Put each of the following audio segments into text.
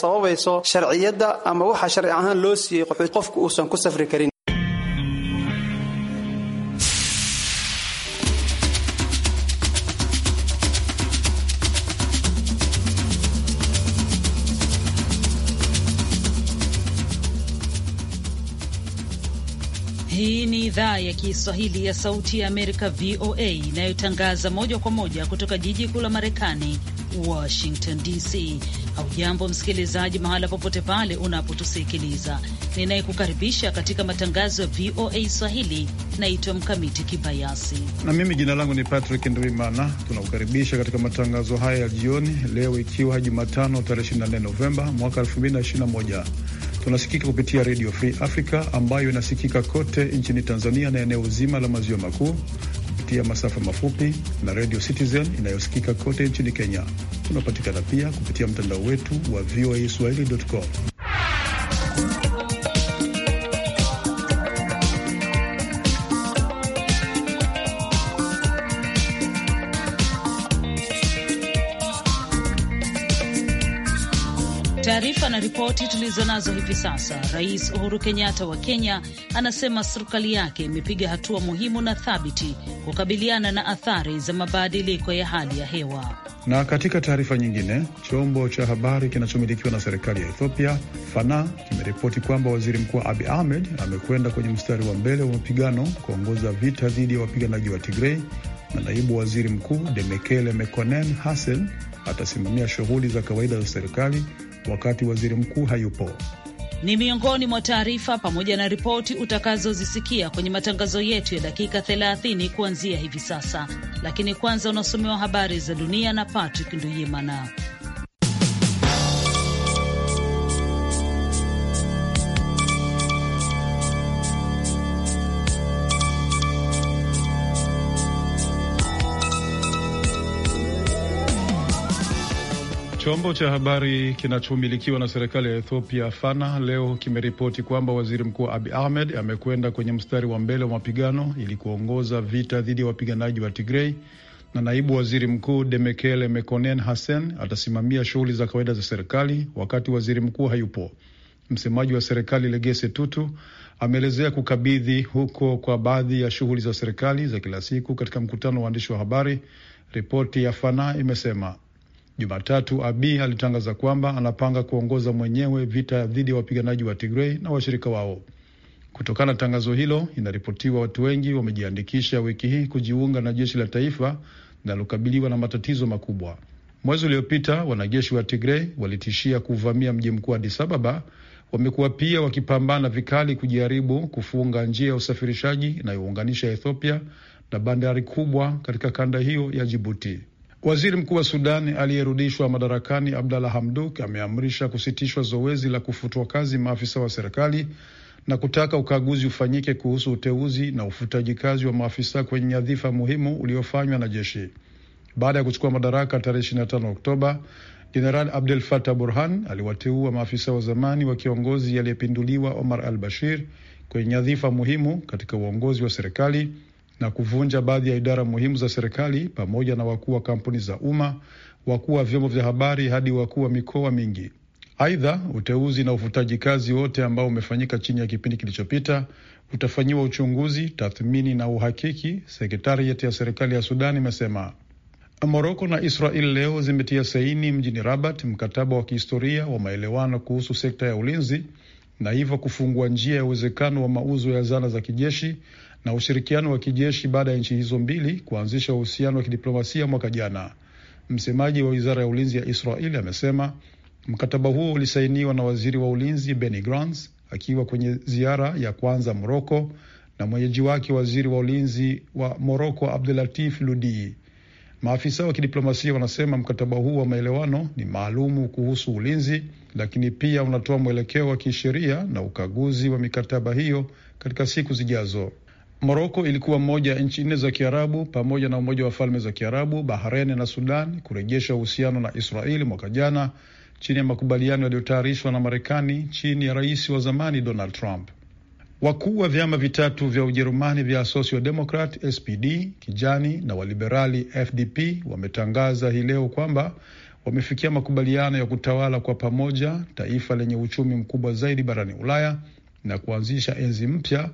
sababayso sharciyada ama waxa sharci ahaan loo siiyey qofku uusan ku safri karin Hii ni idhaa ya Kiswahili ya Sauti ya Amerika, VOA, inayotangaza moja kwa moja kutoka jiji kuu la Marekani, Washington DC. Haujambo msikilizaji, mahala popote pale unapotusikiliza, ninayekukaribisha katika matangazo ya VOA Swahili naitwa Mkamiti Kibayasi na mimi jina langu ni Patrick Ndwimana. Tunakukaribisha katika matangazo haya ya jioni leo, ikiwa Jumatano tarehe 24 Novemba mwaka 2021. Tunasikika kupitia Radio Free Africa ambayo inasikika kote nchini Tanzania na eneo zima la maziwa makuu kupitia masafa mafupi na Radio Citizen inayosikika kote nchini Kenya. Tunapatikana pia kupitia mtandao wetu wa voa voaswahili.com. taarifa na ripoti tulizonazo hivi sasa, Rais Uhuru Kenyatta wa Kenya anasema serikali yake imepiga hatua muhimu na thabiti kukabiliana na athari za mabadiliko ya hali ya hewa. Na katika taarifa nyingine, chombo cha habari kinachomilikiwa na serikali ya Ethiopia Fana kimeripoti kwamba waziri mkuu Abi Ahmed amekwenda kwenye mstari wa mbele wa mapigano kuongoza vita dhidi ya wapiganaji wa Tigrei na naibu waziri mkuu Demekele Mekonen Hassen atasimamia shughuli za kawaida za serikali wakati waziri mkuu hayupo. Ni miongoni mwa taarifa pamoja na ripoti utakazozisikia kwenye matangazo yetu ya dakika 30 kuanzia hivi sasa, lakini kwanza unasomewa habari za dunia na Patrick Nduyimana. Chombo cha habari kinachomilikiwa na serikali ya Ethiopia, Fana, leo kimeripoti kwamba waziri mkuu Abi Ahmed amekwenda kwenye mstari wa mbele wa mapigano ili kuongoza vita dhidi ya wapiganaji wa Tigrei, na naibu waziri mkuu Demekele Mekonen Hassen atasimamia shughuli za kawaida za serikali wakati waziri mkuu hayupo. Msemaji wa serikali Legese Tutu ameelezea kukabidhi huko kwa baadhi ya shughuli za serikali za kila siku katika mkutano wa waandishi wa habari. Ripoti ya Fana imesema Jumatatu Abiy alitangaza kwamba anapanga kuongoza mwenyewe vita dhidi ya wapiganaji wa Tigrei na washirika wao. Kutokana na tangazo hilo, inaripotiwa watu wengi wamejiandikisha wiki hii kujiunga na jeshi la taifa linalokabiliwa na matatizo makubwa. Mwezi uliopita wanajeshi wa Tigrei walitishia kuvamia mji mkuu Addis Ababa. Wamekuwa pia wakipambana vikali kujaribu kufunga njia ya usafirishaji inayounganisha Ethiopia na bandari kubwa katika kanda hiyo ya Jibuti. Waziri mkuu wa Sudani aliyerudishwa madarakani Abdalla Hamduk ameamrisha kusitishwa zoezi la kufutwa kazi maafisa wa serikali na kutaka ukaguzi ufanyike kuhusu uteuzi na ufutaji kazi wa maafisa kwenye nyadhifa muhimu uliofanywa na jeshi. Baada ya kuchukua madaraka tarehe 25 Oktoba, Jenerali Abdel fatah Burhan aliwateua maafisa wa zamani wa kiongozi aliyepinduliwa Omar al Bashir kwenye nyadhifa muhimu katika uongozi wa serikali na kuvunja baadhi ya idara muhimu za serikali pamoja na wakuu wa kampuni za umma, wakuu wa vyombo vya habari hadi wakuu wa mikoa mingi. Aidha, uteuzi na ufutaji kazi wote ambao umefanyika chini ya kipindi kilichopita utafanyiwa uchunguzi, tathmini na uhakiki, sekretariat ya serikali ya Sudan imesema. Moroko na Israel leo zimetia saini mjini Rabat mkataba wa kihistoria wa maelewano kuhusu sekta ya ulinzi na hivyo kufungua njia ya uwezekano wa mauzo ya zana za kijeshi na ushirikiano wa kijeshi baada ya nchi hizo mbili kuanzisha uhusiano wa kidiplomasia mwaka jana. Msemaji wa wizara ya ulinzi ya Israeli amesema mkataba huo ulisainiwa na waziri wa ulinzi Benny Gantz akiwa kwenye ziara ya kwanza Moroko na mwenyeji wake waziri wa ulinzi wa Moroko Abdulatif Ludi. Maafisa wa kidiplomasia wanasema mkataba huu wa maelewano ni maalumu kuhusu ulinzi, lakini pia unatoa mwelekeo wa kisheria na ukaguzi wa mikataba hiyo katika siku zijazo. Moroko ilikuwa moja ya nchi nne za Kiarabu pamoja na Umoja wa Falme za Kiarabu, Bahrein na Sudan kurejesha uhusiano na Israeli mwaka jana chini ya makubaliano yaliyotayarishwa na Marekani chini ya rais wa zamani Donald Trump. Wakuu wa vyama vitatu vya Ujerumani vya Social Democrat, SPD, kijani na waliberali FDP wametangaza hii leo kwamba wamefikia makubaliano ya kutawala kwa pamoja taifa lenye uchumi mkubwa zaidi barani Ulaya na kuanzisha enzi mpya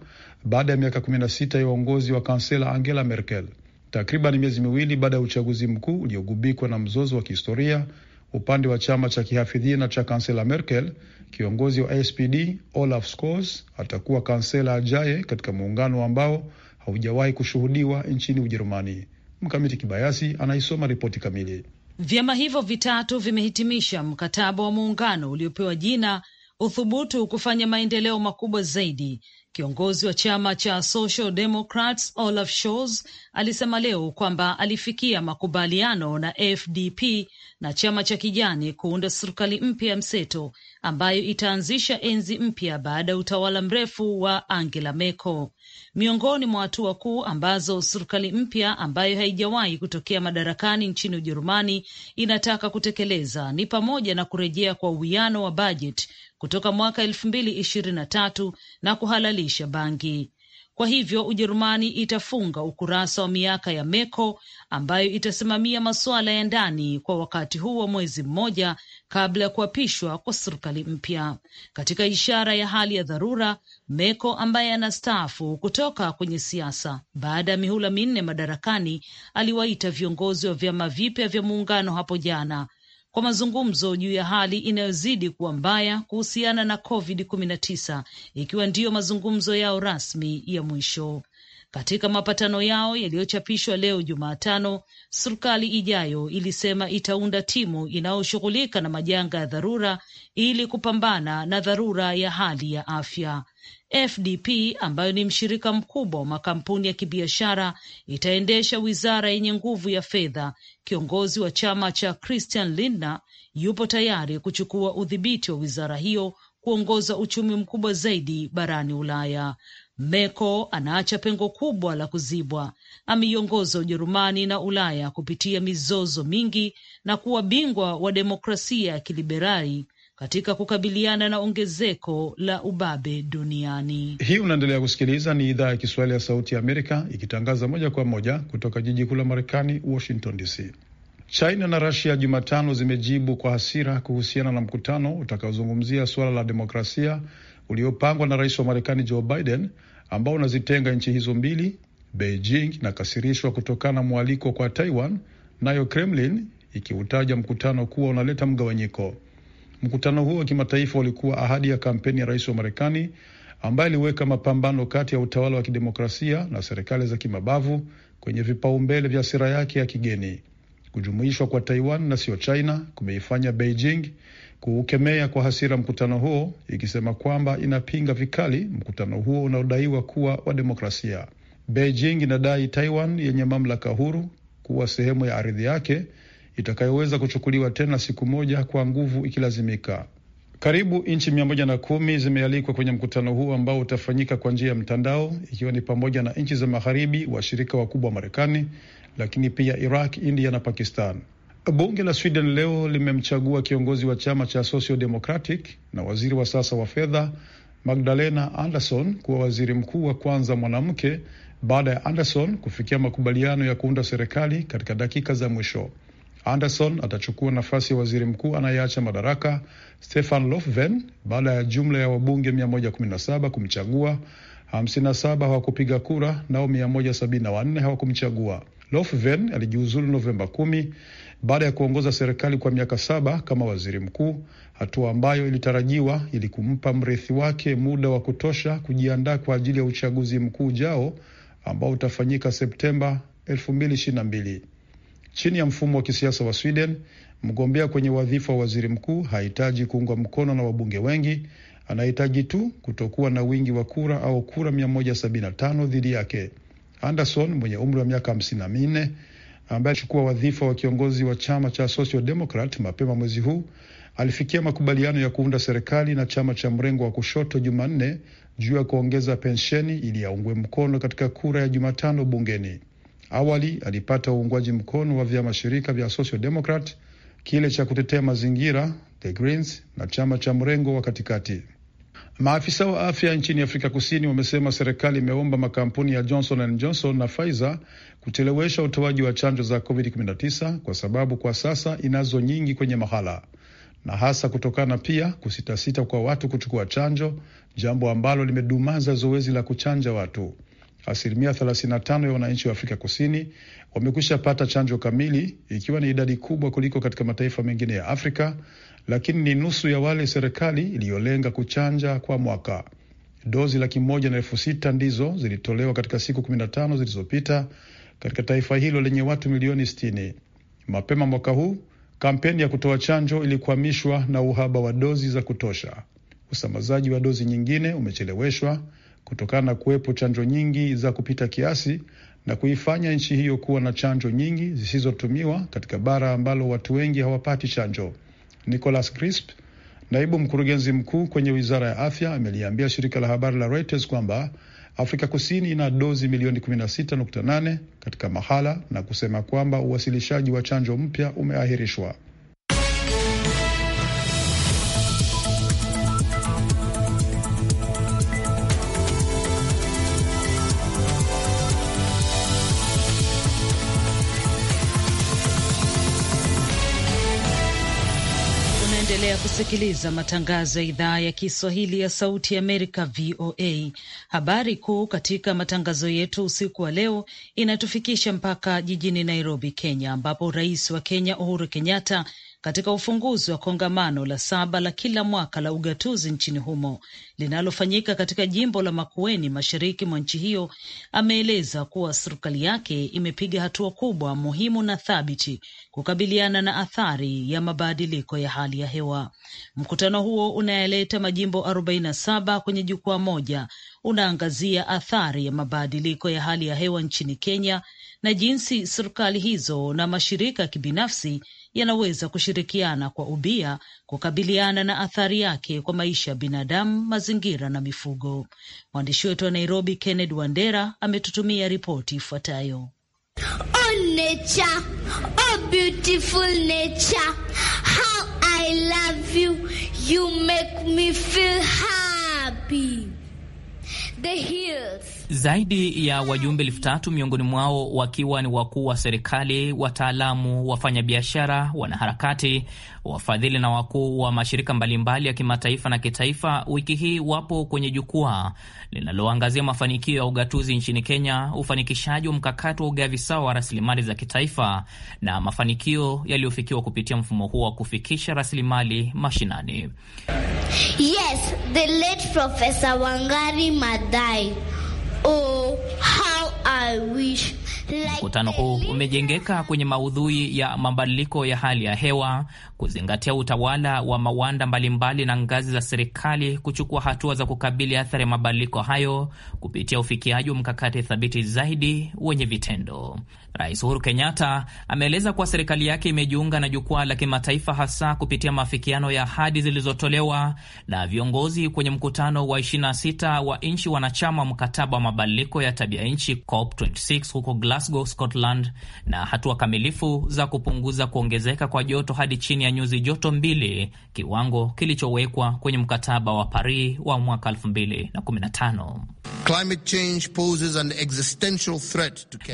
baada ya miaka 16 ya uongozi wa kansela Angela Merkel. Takriban miezi miwili baada ya uchaguzi mkuu uliogubikwa na mzozo wa kihistoria upande wa chama cha kihafidhina cha kansela Merkel, kiongozi wa SPD Olaf Scholz atakuwa kansela ajaye katika muungano ambao haujawahi kushuhudiwa nchini Ujerumani. Mkamiti Kibayasi anaisoma ripoti kamili. Vyama hivyo vitatu vimehitimisha mkataba wa muungano uliopewa jina uthubutu kufanya maendeleo makubwa zaidi Kiongozi wa chama cha Social Democrats Olaf Scholz alisema leo kwamba alifikia makubaliano na FDP na chama cha kijani kuunda serikali mpya ya mseto ambayo itaanzisha enzi mpya baada ya utawala mrefu wa Angela Merkel. Miongoni mwa hatua kuu ambazo serikali mpya ambayo haijawahi kutokea madarakani nchini Ujerumani inataka kutekeleza ni pamoja na kurejea kwa uwiano wa bajeti kutoka mwaka elfu mbili ishirini na tatu na kuhalalisha bangi. Kwa hivyo Ujerumani itafunga ukurasa wa miaka ya Meko ambayo itasimamia masuala ya ndani kwa wakati huu wa mwezi mmoja kabla ya kuapishwa kwa serikali mpya. Katika ishara ya hali ya dharura, Meko ambaye anastaafu kutoka kwenye siasa baada ya mihula minne madarakani, aliwaita viongozi wa vyama vipya vya muungano hapo jana kwa mazungumzo juu ya hali inayozidi kuwa mbaya kuhusiana na COVID-19 ikiwa ndiyo mazungumzo yao rasmi ya mwisho. Katika mapatano yao yaliyochapishwa leo Jumatano, serikali ijayo ilisema itaunda timu inayoshughulika na majanga ya dharura ili kupambana na dharura ya hali ya afya. FDP ambayo ni mshirika mkubwa wa makampuni ya kibiashara itaendesha wizara yenye nguvu ya fedha. Kiongozi wa chama cha Christian Lindner yupo tayari kuchukua udhibiti wa wizara hiyo kuongoza uchumi mkubwa zaidi barani Ulaya. Merkel anaacha pengo kubwa la kuzibwa. Ameiongoza Ujerumani na Ulaya kupitia mizozo mingi na kuwa bingwa wa demokrasia ya kiliberali katika kukabiliana na ongezeko la ubabe duniani. Hii unaendelea kusikiliza, ni idhaa ya Kiswahili ya Sauti ya Amerika ikitangaza moja kwa moja kutoka jiji kuu la Marekani, Washington DC. China na Rasia Jumatano zimejibu kwa hasira kuhusiana na mkutano utakaozungumzia suala la demokrasia uliopangwa na rais wa Marekani Joe Biden ambao unazitenga nchi hizo mbili. Beijing inakasirishwa kutokana na mwaliko kwa Taiwan, nayo Kremlin ikiutaja mkutano kuwa unaleta mgawanyiko. Mkutano huo wa kimataifa ulikuwa ahadi ya kampeni ya rais wa Marekani ambaye aliweka mapambano kati ya utawala wa kidemokrasia na serikali za kimabavu kwenye vipaumbele vya sera yake ya kigeni. Kujumuishwa kwa Taiwan na sio China kumeifanya Beijing kuukemea kwa hasira mkutano huo, ikisema kwamba inapinga vikali mkutano huo unaodaiwa kuwa wa demokrasia. Beijing inadai Taiwan yenye mamlaka huru kuwa sehemu ya ardhi yake itakayoweza kuchukuliwa tena siku moja kwa nguvu ikilazimika. Karibu nchi mia moja na kumi zimealikwa kwenye mkutano huo ambao utafanyika kwa njia ya mtandao, ikiwa ni pamoja na nchi za magharibi washirika wakubwa wa Marekani, lakini pia Iraq, India na Pakistan. Bunge la Sweden leo limemchagua kiongozi wa chama cha Social Democratic na waziri wa sasa wa fedha Magdalena Andersson kuwa waziri mkuu wa kwanza mwanamke baada ya Andersson kufikia makubaliano ya kuunda serikali katika dakika za mwisho. Andersson atachukua nafasi ya waziri mkuu anayeacha madaraka Stefan Lofven baada ya jumla ya wabunge 117 kumchagua, 57 hawakupiga kura, nao 174 hawakumchagua. Lofven alijiuzulu Novemba 10 baada ya kuongoza serikali kwa miaka saba kama waziri mkuu, hatua ambayo ilitarajiwa ili kumpa mrithi wake muda wa kutosha kujiandaa kwa ajili ya uchaguzi mkuu ujao ambao utafanyika Septemba 2022. Chini ya mfumo wa kisiasa wa Sweden, mgombea kwenye wadhifa wa waziri mkuu hahitaji kuungwa mkono na wabunge wengi, anahitaji tu kutokuwa na wingi wa kura au kura 175 dhidi yake. Anderson mwenye umri wa miaka hamsini na minne ambaye alichukua wadhifa wa kiongozi wa chama cha Social Democrat mapema mwezi huu alifikia makubaliano ya kuunda serikali na chama cha mrengo wa kushoto Jumanne juu ya kuongeza pensheni ili yaungwe mkono katika kura ya Jumatano bungeni. Awali alipata uungwaji mkono wa vyama shirika vya Social Democrat, kile cha kutetea mazingira, the Greens, na chama cha mrengo wa katikati. Maafisa wa afya nchini Afrika Kusini wamesema serikali imeomba makampuni ya Johnson and Johnson na Pfizer kuchelewesha utoaji wa chanjo za COVID-19 kwa sababu kwa sasa inazo nyingi kwenye mahala na hasa kutokana pia kusitasita kwa watu kuchukua chanjo, jambo ambalo limedumaza zoezi la kuchanja watu. Asilimia 35 ya wananchi wa Afrika Kusini wamekwisha pata chanjo kamili, ikiwa ni idadi kubwa kuliko katika mataifa mengine ya Afrika, lakini ni nusu ya wale serikali iliyolenga kuchanja kwa mwaka. Dozi laki moja na elfu sita ndizo zilitolewa katika siku 15 zilizopita katika taifa hilo lenye watu milioni 60. Mapema mwaka huu kampeni ya kutoa chanjo ilikwamishwa na uhaba wa dozi za kutosha. Usambazaji wa dozi nyingine umecheleweshwa kutokana na kuwepo chanjo nyingi za kupita kiasi na kuifanya nchi hiyo kuwa na chanjo nyingi zisizotumiwa katika bara ambalo watu wengi hawapati chanjo. Nicholas Crisp, naibu mkurugenzi mkuu kwenye wizara ya afya, ameliambia shirika la habari la Reuters kwamba Afrika Kusini ina dozi milioni 16.8 katika mahala na kusema kwamba uwasilishaji wa chanjo mpya umeahirishwa. Unaendelea kusikiliza matangazo ya idhaa ya Kiswahili ya Sauti ya Amerika, VOA. Habari kuu katika matangazo yetu usiku wa leo inatufikisha mpaka jijini Nairobi, Kenya, ambapo rais wa Kenya Uhuru Kenyatta katika ufunguzi wa kongamano la saba la kila mwaka la ugatuzi nchini humo linalofanyika katika jimbo la Makueni mashariki mwa nchi hiyo, ameeleza kuwa serikali yake imepiga hatua kubwa muhimu na thabiti kukabiliana na athari ya mabadiliko ya hali ya hewa. Mkutano huo unayaleta majimbo 47 kwenye jukwaa moja, unaangazia athari ya mabadiliko ya hali ya hewa nchini Kenya na jinsi serikali hizo na mashirika ya kibinafsi yanaweza kushirikiana kwa ubia kukabiliana na athari yake kwa maisha ya binadamu, mazingira na mifugo. Mwandishi wetu wa Nairobi, kenned Wandera, ametutumia ripoti ifuatayo. Oh, zaidi ya wajumbe elfu tatu miongoni mwao wakiwa ni wakuu wa serikali, wataalamu, wafanyabiashara, wanaharakati, wafadhili na wakuu wa mashirika mbalimbali ya kimataifa na kitaifa, wiki hii wapo kwenye jukwaa linaloangazia mafanikio ya ugatuzi nchini Kenya, ufanikishaji wa mkakati wa ugavi sawa wa rasilimali za kitaifa na mafanikio yaliyofikiwa kupitia mfumo huo wa kufikisha rasilimali mashinani. Yes, the late Professor Wangari Maathai Oh, how I wish Mkutano huu umejengeka kwenye maudhui ya mabadiliko ya hali ya hewa, kuzingatia utawala wa mawanda mbalimbali na ngazi za serikali kuchukua hatua za kukabili athari ya mabadiliko hayo kupitia ufikiaji wa mkakati thabiti zaidi wenye vitendo. Rais Uhuru Kenyatta ameeleza kuwa serikali yake imejiunga na jukwaa la kimataifa hasa kupitia maafikiano ya ahadi zilizotolewa na viongozi kwenye mkutano wa 26 wa nchi wanachama wa mkataba wa mabadiliko ya tabia nchi COP26 huko Glasgow Glasgow, Scotland, na hatua kamilifu za kupunguza kuongezeka kwa joto hadi chini ya nyuzi joto mbili, kiwango kilichowekwa kwenye mkataba wa Paris wa mwaka 2015.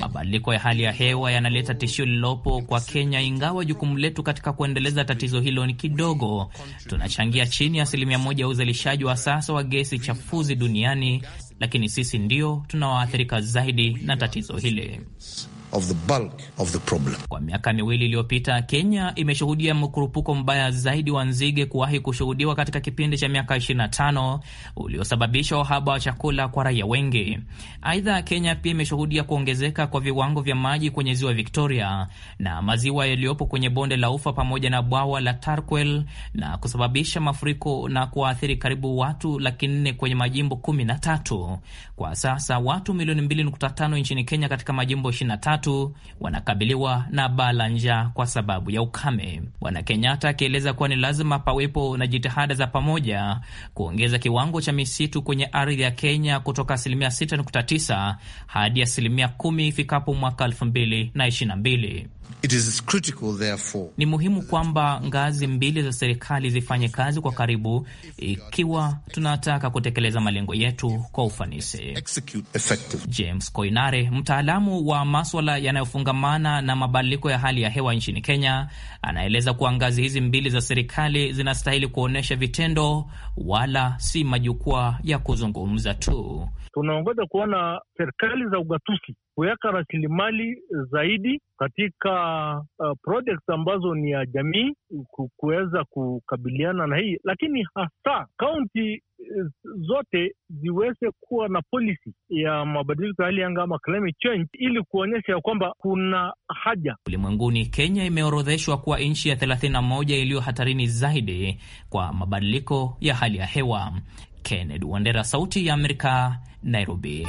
Mabadiliko ya hali ya hewa yanaleta tishio lililopo kwa Kenya, ingawa jukumu letu katika kuendeleza tatizo hilo ni kidogo. Tunachangia chini ya asilimia moja ya uzalishaji wa sasa wa gesi chafuzi duniani lakini sisi ndio tunawaathirika zaidi na tatizo hili of the bulk of the problem. Kwa miaka miwili iliyopita, Kenya imeshuhudia mkurupuko mbaya zaidi wa nzige kuwahi kushuhudiwa katika kipindi cha miaka 25 uliosababisha uhaba wa chakula kwa raia wengi. Aidha, Kenya pia imeshuhudia kuongezeka kwa viwango vya maji kwenye ziwa Victoria na maziwa yaliyopo kwenye bonde la Ufa pamoja na bwawa la Tarkwel na kusababisha mafuriko na kuwaathiri karibu watu laki nne kwenye majimbo 13. Kwa sasa watu milioni 2.5 nchini Kenya katika majimbo 23 watu wanakabiliwa na baa la njaa kwa sababu ya ukame. Bwana Kenyatta akieleza kuwa ni lazima pawepo na jitihada za pamoja kuongeza kiwango cha misitu kwenye ardhi ya Kenya kutoka asilimia 6.9 hadi asilimia 10 ifikapo mwaka 2022. It is critical, therefore, ni muhimu kwamba ngazi mbili za serikali zifanye kazi kwa karibu ikiwa tunataka kutekeleza malengo yetu kwa ufanisi. James Koinare, mtaalamu wa maswala yanayofungamana na mabadiliko ya hali ya hewa nchini Kenya, anaeleza kuwa ngazi hizi mbili za serikali zinastahili kuonyesha vitendo, wala si majukwaa ya kuzungumza tu. Tunaongoja kuona serikali za ugatusi kuweka rasilimali zaidi katika uh, projects ambazo ni ya jamii kuweza kukabiliana na hii, lakini hasa kaunti eh, zote ziweze kuwa na polisi ya mabadiliko ya hali ya anga ama climate change, ili kuonyesha ya kwamba kuna haja ulimwenguni. Kenya imeorodheshwa kuwa nchi ya thelathini na moja iliyo hatarini zaidi kwa mabadiliko ya hali ya hewa. Kennedy Wandera, Sauti ya Amerika, Nairobi.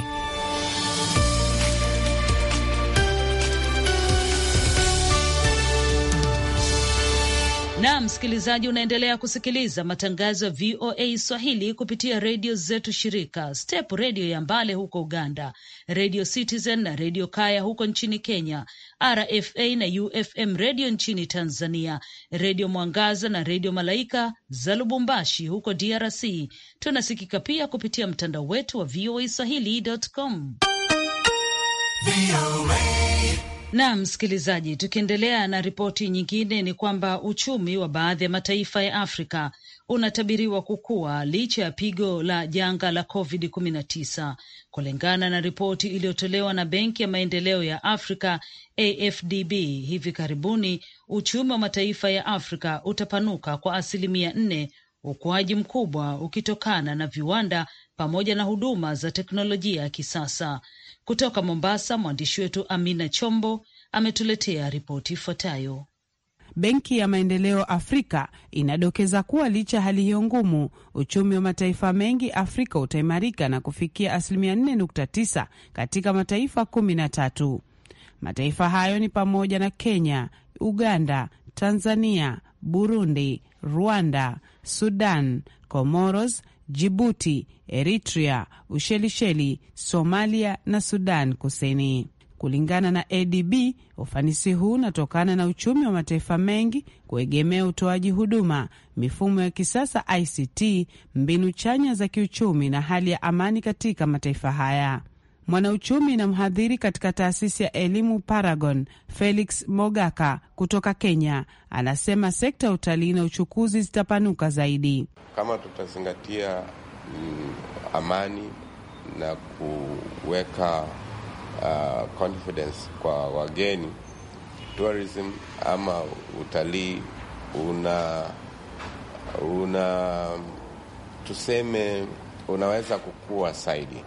na msikilizaji, unaendelea kusikiliza matangazo ya VOA Swahili kupitia redio zetu shirika, Step redio ya Mbale huko Uganda, redio Citizen na redio Kaya huko nchini Kenya, RFA na UFM redio nchini Tanzania, redio Mwangaza na redio Malaika za Lubumbashi huko DRC. Tunasikika pia kupitia mtandao wetu wa VOA Swahili.com. Na msikilizaji, tukiendelea na ripoti nyingine ni kwamba uchumi wa baadhi ya mataifa ya Afrika unatabiriwa kukua licha ya pigo la janga la COVID-19 kulingana na ripoti iliyotolewa na Benki ya Maendeleo ya Afrika AfDB hivi karibuni, uchumi wa mataifa ya Afrika utapanuka kwa asilimia nne, ukuaji mkubwa ukitokana na viwanda pamoja na huduma za teknolojia ya kisasa. Kutoka Mombasa, mwandishi wetu Amina Chombo ametuletea ripoti ifuatayo. Benki ya Maendeleo Afrika inadokeza kuwa licha ya hali hiyo ngumu, uchumi wa mataifa mengi Afrika utaimarika na kufikia asilimia 4.9 katika mataifa kumi na tatu. Mataifa hayo ni pamoja na Kenya, Uganda, Tanzania, Burundi, Rwanda, Sudan, Comoros, Jibuti, Eritrea, Ushelisheli, Somalia na Sudan Kusini. Kulingana na ADB, ufanisi huu unatokana na uchumi wa mataifa mengi kuegemea utoaji huduma, mifumo ya kisasa ICT, mbinu chanya za kiuchumi na hali ya amani katika mataifa haya. Mwanauchumi na mhadhiri katika taasisi ya elimu Paragon, Felix Mogaka kutoka Kenya, anasema sekta ya utalii na uchukuzi zitapanuka zaidi kama tutazingatia mm, amani na kuweka uh, confidence kwa wageni. Tourism ama utalii una una tuseme, unaweza kukua zaidi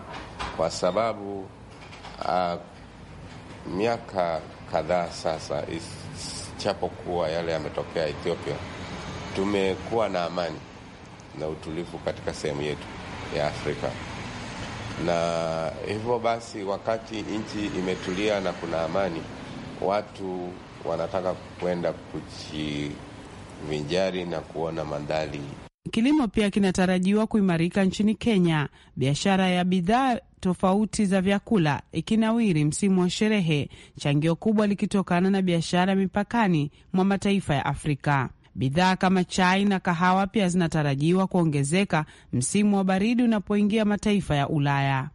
kwa sababu uh, miaka kadhaa sasa ichapokuwa yale yametokea Ethiopia, tumekuwa na amani na utulivu katika sehemu yetu ya Afrika, na hivyo basi, wakati nchi imetulia na kuna amani, watu wanataka kwenda kujivinjari na kuona mandhari Kilimo pia kinatarajiwa kuimarika nchini Kenya, biashara ya bidhaa tofauti za vyakula ikinawiri msimu wa sherehe, changio kubwa likitokana na biashara mipakani mwa mataifa ya Afrika. Bidhaa kama chai na kahawa pia zinatarajiwa kuongezeka msimu wa baridi unapoingia mataifa ya Ulaya.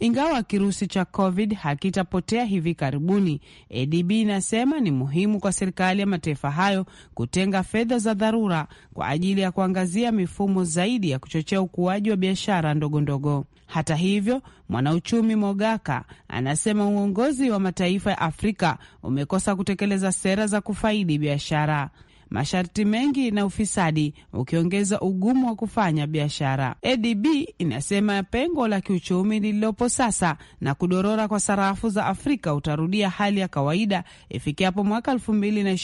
Ingawa kirusi cha COVID hakitapotea hivi karibuni, ADB inasema ni muhimu kwa serikali ya mataifa hayo kutenga fedha za dharura kwa ajili ya kuangazia mifumo zaidi ya kuchochea ukuaji wa biashara ndogondogo. Hata hivyo, mwanauchumi Mogaka anasema uongozi wa mataifa ya Afrika umekosa kutekeleza sera za kufaidi biashara masharti mengi na ufisadi, ukiongeza ugumu wa kufanya biashara. ADB inasema pengo la kiuchumi lililopo sasa na kudorora kwa sarafu za Afrika utarudia hali ya kawaida ifikiapo mwaka elfu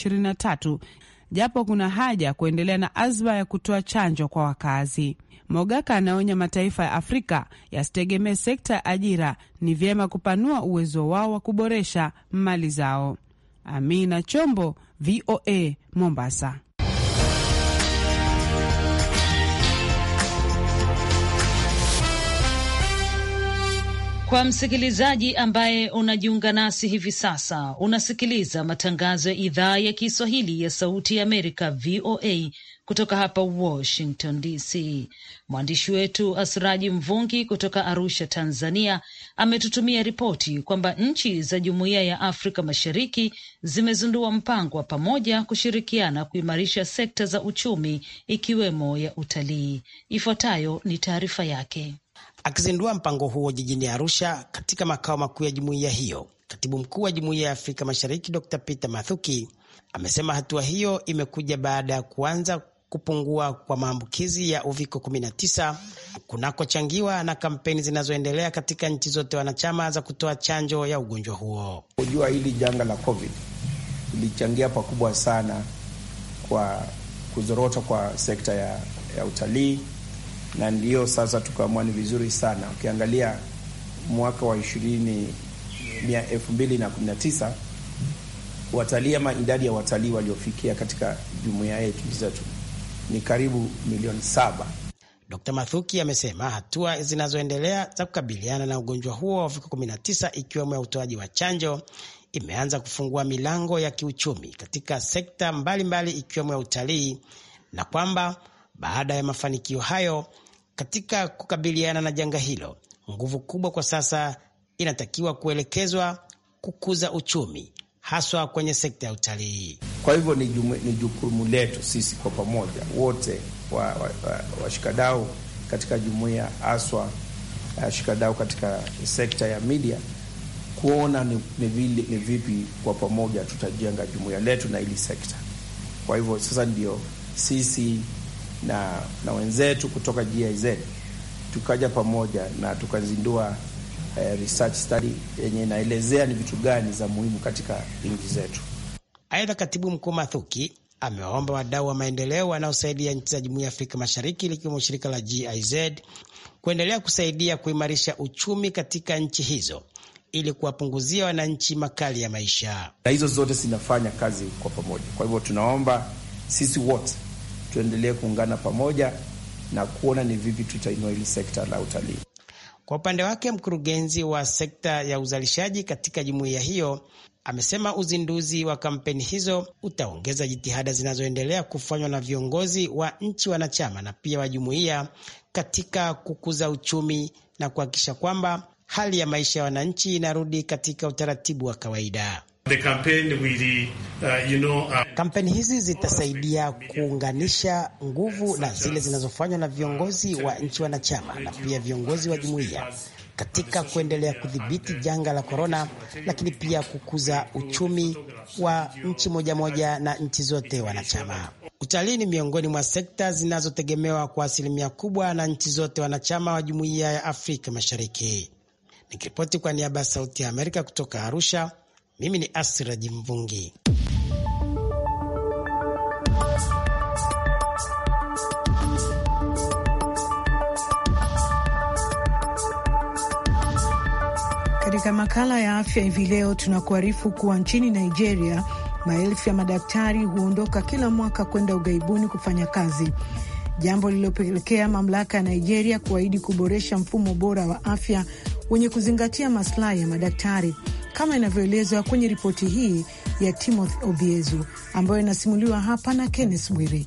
na tatu japo kuna haja ya kuendelea na azma ya kutoa chanjo kwa wakazi. Mogaka anaonya mataifa ya Afrika yasitegemee sekta ya ajira, ni vyema kupanua uwezo wao wa kuboresha mali zao. Amina Chombo, VOA Mombasa. Kwa msikilizaji ambaye unajiunga nasi hivi sasa, unasikiliza matangazo ya idhaa ya Kiswahili ya Sauti ya Amerika, VOA, kutoka hapa Washington DC. Mwandishi wetu Asiraji Mvungi kutoka Arusha, Tanzania, ametutumia ripoti kwamba nchi za Jumuiya ya Afrika Mashariki zimezindua mpango wa pamoja kushirikiana kuimarisha sekta za uchumi ikiwemo ya utalii. Ifuatayo ni taarifa yake. Akizindua mpango huo jijini Arusha katika makao makuu ya jumuiya hiyo, katibu mkuu wa jumuiya ya Afrika Mashariki Dr Peter Mathuki amesema hatua hiyo imekuja baada ya kuanza kupungua kwa maambukizi ya uviko 19 kunakochangiwa na kampeni zinazoendelea katika nchi zote wanachama za kutoa chanjo ya ugonjwa huo. Kujua hili janga la COVID ilichangia pakubwa sana kwa kuzorota kwa sekta ya, ya utalii na ndio sasa tukaamua ni vizuri sana. Ukiangalia mwaka wa ishirini elfu mbili na kumi na tisa watalii ama idadi ya watalii waliofikia katika jumuiya yetu zetu ni karibu milioni saba. Dkt Mathuki amesema hatua zinazoendelea za kukabiliana na ugonjwa huo wa uviko 19 ikiwemo ya utoaji wa chanjo imeanza kufungua milango ya kiuchumi katika sekta mbalimbali ikiwemo ya utalii na kwamba baada ya mafanikio hayo katika kukabiliana na janga hilo, nguvu kubwa kwa sasa inatakiwa kuelekezwa kukuza uchumi haswa kwenye sekta ya utalii. Kwa hivyo ni, ni jukumu letu sisi kwa pamoja wote washikadau wa, wa, wa katika jumuiya haswa washikadau eh, uh, katika sekta ya media kuona ni, ni, vili, ni vipi kwa pamoja tutajenga jumuiya letu na ili sekta. Kwa hivyo sasa ndio sisi na, na wenzetu kutoka GIZ tukaja pamoja na tukazindua eh, research study yenye inaelezea ni vitu gani za muhimu katika nchi zetu. Aidha, katibu mkuu Mathuki amewaomba wadau wa maendeleo wanaosaidia nchi za Jumuiya ya Afrika Mashariki likiwemo shirika la GIZ kuendelea kusaidia kuimarisha uchumi katika nchi hizo ili kuwapunguzia wananchi makali ya maisha, na hizo zote zinafanya kazi kwa pamoja. Kwa hivyo tunaomba sisi wote tuendelee kuungana pamoja na kuona ni vipi tutainua hili sekta la utalii. Kwa upande wake, mkurugenzi wa sekta ya uzalishaji katika jumuiya hiyo amesema uzinduzi wa kampeni hizo utaongeza jitihada zinazoendelea kufanywa na viongozi wa nchi wanachama na pia wa jumuiya katika kukuza uchumi na kuhakikisha kwamba hali ya maisha ya wananchi inarudi katika utaratibu wa kawaida. The campaign will, uh, you know, uh... kampeni hizi zitasaidia kuunganisha nguvu na zile zinazofanywa na viongozi wa nchi wanachama na pia viongozi wa jumuiya katika kuendelea kudhibiti janga la korona, lakini pia kukuza uchumi wa nchi moja moja na nchi zote wanachama. Utalii ni miongoni mwa sekta zinazotegemewa kwa asilimia kubwa na nchi zote wanachama wa jumuiya ya Afrika Mashariki. Nikiripoti kwa niaba ya Sauti ya Amerika kutoka Arusha. Mimi ni Asira Jimvungi. Katika makala ya afya hivi leo tunakuarifu kuwa nchini Nigeria maelfu ya madaktari huondoka kila mwaka kwenda ughaibuni kufanya kazi, jambo lililopelekea mamlaka ya Nigeria kuahidi kuboresha mfumo bora wa afya wenye kuzingatia maslahi ya madaktari kama inavyoelezwa kwenye ripoti hii ya Timothy Obiezu ambayo inasimuliwa hapa na Kenneth Bwire.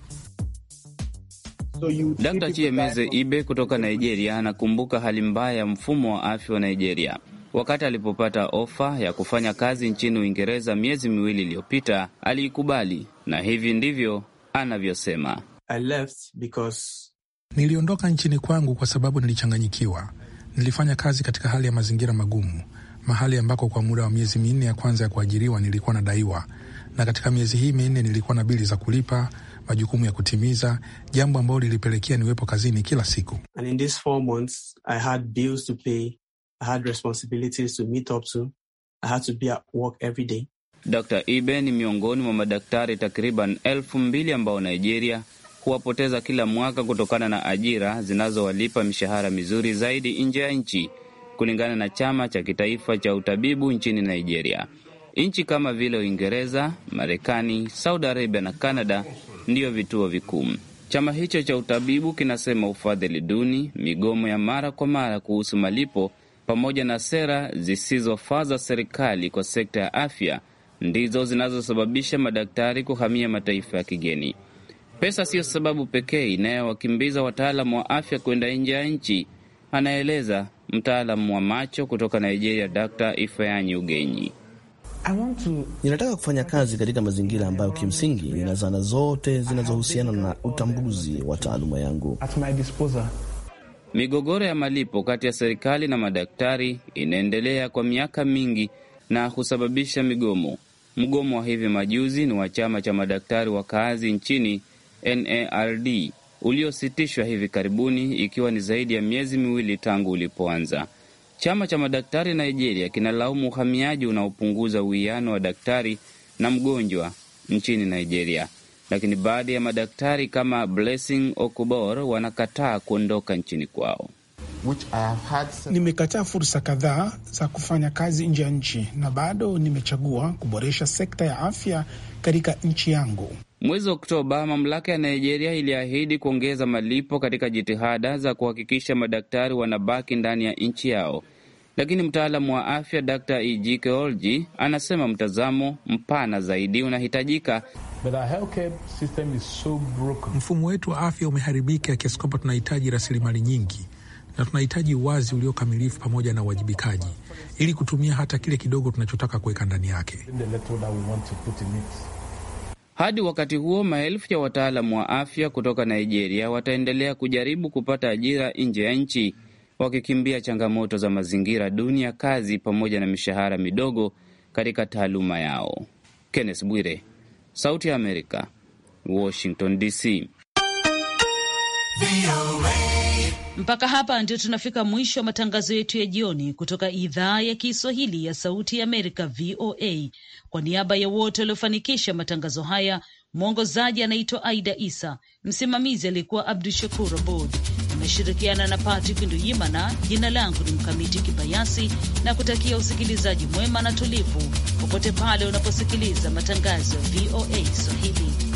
So Chiemeze Ibe kutoka Nigeria anakumbuka hali mbaya ya mfumo wa afya wa Nigeria wakati alipopata ofa ya kufanya kazi nchini Uingereza miezi miwili iliyopita, aliikubali na hivi ndivyo anavyosema: I left because... niliondoka nchini kwangu kwa sababu nilichanganyikiwa. Nilifanya kazi katika hali ya mazingira magumu, mahali ambako kwa muda wa miezi minne ya kwanza ya kuajiriwa nilikuwa nadaiwa, na katika miezi hii minne nilikuwa na bili za kulipa, majukumu ya kutimiza, jambo ambalo lilipelekea niwepo kazini kila siku. And Dr. Ibe ni miongoni mwa madaktari takriban elfu mbili ambao Nigeria huwapoteza kila mwaka kutokana na ajira zinazowalipa mishahara mizuri zaidi nje ya nchi kulingana na chama cha kitaifa cha utabibu nchini Nigeria. Nchi kama vile Uingereza, Marekani, Saudi Arabia na canada ndiyo vituo vikuu. Chama hicho cha utabibu kinasema ufadhili duni, migomo ya mara kwa mara kuhusu malipo, pamoja na sera zisizofaa za serikali kwa sekta ya afya ndizo zinazosababisha madaktari kuhamia mataifa ya kigeni. Pesa siyo sababu pekee inayowakimbiza wataalamu wa afya kwenda nje ya nchi, anaeleza mtaalamu wa macho kutoka Nigeria, Dr. Ifeanyi Ugenyi. ninataka kufanya kazi katika mazingira ambayo kimsingi nina zana zote zinazohusiana na utambuzi wa taaluma yangu. Migogoro ya malipo kati ya serikali na madaktari inaendelea kwa miaka mingi na husababisha migomo. Mgomo wa hivi majuzi ni wa chama cha madaktari wa kazi nchini NARD uliositishwa hivi karibuni, ikiwa ni zaidi ya miezi miwili tangu ulipoanza. Chama cha madaktari Nigeria kinalaumu uhamiaji unaopunguza uwiano wa daktari na mgonjwa nchini Nigeria, lakini baadhi ya madaktari kama Blessing Okubor wanakataa kuondoka nchini kwao. Nimekataa fursa kadhaa za kufanya kazi nje ya nchi na bado nimechagua kuboresha sekta ya afya katika nchi yangu. Mwezi Oktoba, mamlaka ya Nigeria iliahidi kuongeza malipo katika jitihada za kuhakikisha madaktari wanabaki ndani ya nchi yao, lakini mtaalamu wa afya Dr. Ejike Olji anasema mtazamo mpana zaidi unahitajika. So mfumo wetu wa afya umeharibika kiasi kwamba tunahitaji rasilimali nyingi na tunahitaji uwazi uliokamilifu pamoja na uwajibikaji ili kutumia hata kile kidogo tunachotaka kuweka ndani yake. Hadi wakati huo, maelfu ya wataalamu wa afya kutoka Nigeria wataendelea kujaribu kupata ajira nje ya nchi, wakikimbia changamoto za mazingira duni ya kazi pamoja na mishahara midogo katika taaluma yao. Kenneth Bwire, Sauti ya Amerika, Washington DC. Mpaka hapa ndio tunafika mwisho wa matangazo yetu ya jioni kutoka idhaa ya Kiswahili ya Sauti ya Amerika, VOA. Kwa niaba ya wote waliofanikisha matangazo haya, mwongozaji anaitwa Aida Isa, msimamizi aliyekuwa Abdu Shakur Abod, ameshirikiana na Patrick Nduyimana. Jina langu ni Mkamiti Kibayasi na kutakia usikilizaji mwema na tulivu popote pale unaposikiliza matangazo ya VOA Swahili.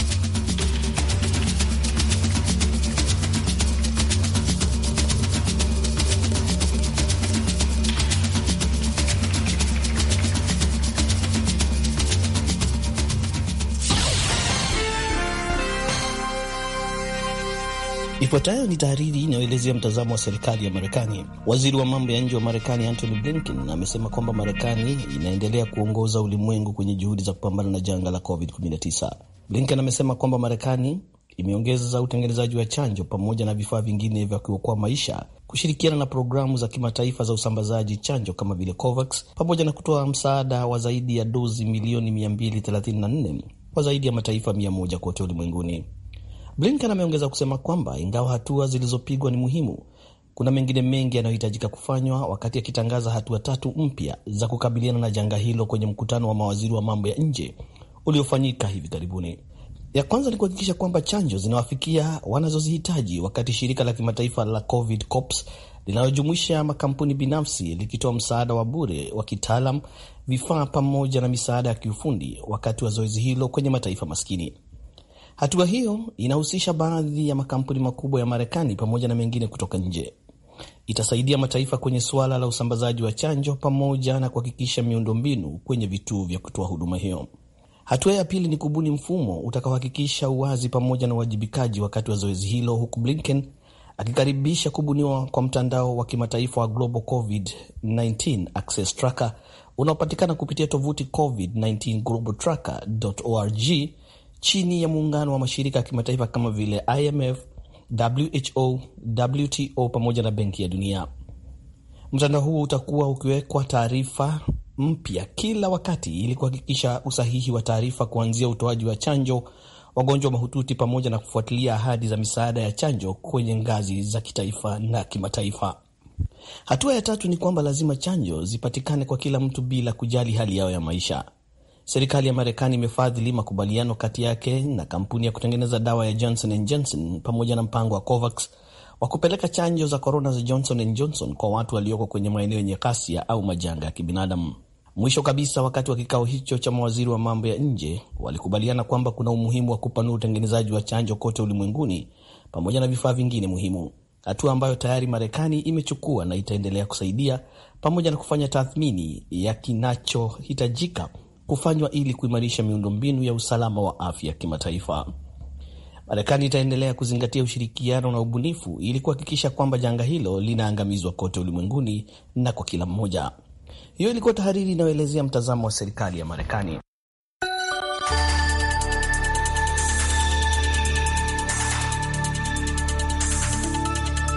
Ifuatayo ni tahariri inayoelezea mtazamo wa serikali ya Marekani. Waziri wa mambo ya nje wa Marekani Antony Blinken amesema kwamba Marekani inaendelea kuongoza ulimwengu kwenye juhudi za kupambana na janga la COVID-19. Blinken amesema kwamba Marekani imeongeza utengenezaji wa chanjo pamoja na vifaa vingine vya kuokoa maisha, kushirikiana na programu za kimataifa za usambazaji chanjo kama vile COVAX, pamoja na kutoa msaada wa zaidi ya dozi milioni 234 kwa zaidi ya mataifa 100 kote ulimwenguni. Blinken ameongeza kusema kwamba ingawa hatua zilizopigwa ni muhimu, kuna mengine mengi yanayohitajika kufanywa, wakati akitangaza hatua tatu mpya za kukabiliana na janga hilo kwenye mkutano wa mawaziri wa mambo ya nje uliofanyika hivi karibuni. Ya kwanza ni kuhakikisha kwamba chanjo zinawafikia wanazozihitaji, wakati shirika la kimataifa la COVID linalojumuisha makampuni binafsi likitoa msaada wa bure wa kitaalam, vifaa pamoja na misaada ya kiufundi wakati wa zoezi hilo kwenye mataifa maskini. Hatua hiyo inahusisha baadhi ya makampuni makubwa ya Marekani pamoja na mengine kutoka nje. Itasaidia mataifa kwenye suala la usambazaji wa chanjo pamoja na kuhakikisha miundombinu kwenye vituo vya kutoa huduma hiyo. Hatua ya pili ni kubuni mfumo utakaohakikisha uwazi pamoja na uwajibikaji wakati wa zoezi hilo, huku Blinken akikaribisha kubuniwa kwa mtandao wa kimataifa wa Global COVID-19 Access Tracker unaopatikana kupitia tovuti covid19globaltracker.org chini ya muungano wa mashirika ya kimataifa kama vile IMF, WHO, WTO pamoja na Benki ya Dunia. Mtandao huo utakuwa ukiwekwa taarifa mpya kila wakati ili kuhakikisha usahihi wa taarifa, kuanzia utoaji wa chanjo, wagonjwa mahututi, pamoja na kufuatilia ahadi za misaada ya chanjo kwenye ngazi za kitaifa na kimataifa. Hatua ya tatu ni kwamba lazima chanjo zipatikane kwa kila mtu bila kujali hali yao ya maisha. Serikali ya Marekani imefadhili makubaliano kati yake na kampuni ya kutengeneza dawa ya Johnson and Johnson pamoja na mpango wa COVAX wa kupeleka chanjo za korona za Johnson and Johnson kwa watu walioko kwenye maeneo yenye ghasia au majanga ya kibinadamu. Mwisho kabisa, wakati wa kikao hicho cha mawaziri wa mambo ya nje, walikubaliana kwamba kuna umuhimu wa kupanua utengenezaji wa chanjo kote ulimwenguni pamoja na vifaa vingine muhimu, hatua ambayo tayari Marekani imechukua na itaendelea kusaidia pamoja na kufanya tathmini ya kinachohitajika kufanywa ili kuimarisha miundombinu ya usalama wa afya kimataifa. Marekani itaendelea kuzingatia ushirikiano na ubunifu ili kuhakikisha kwamba janga hilo linaangamizwa kote ulimwenguni na kwa kila mmoja. Hiyo ilikuwa tahariri inayoelezea mtazamo wa serikali ya Marekani.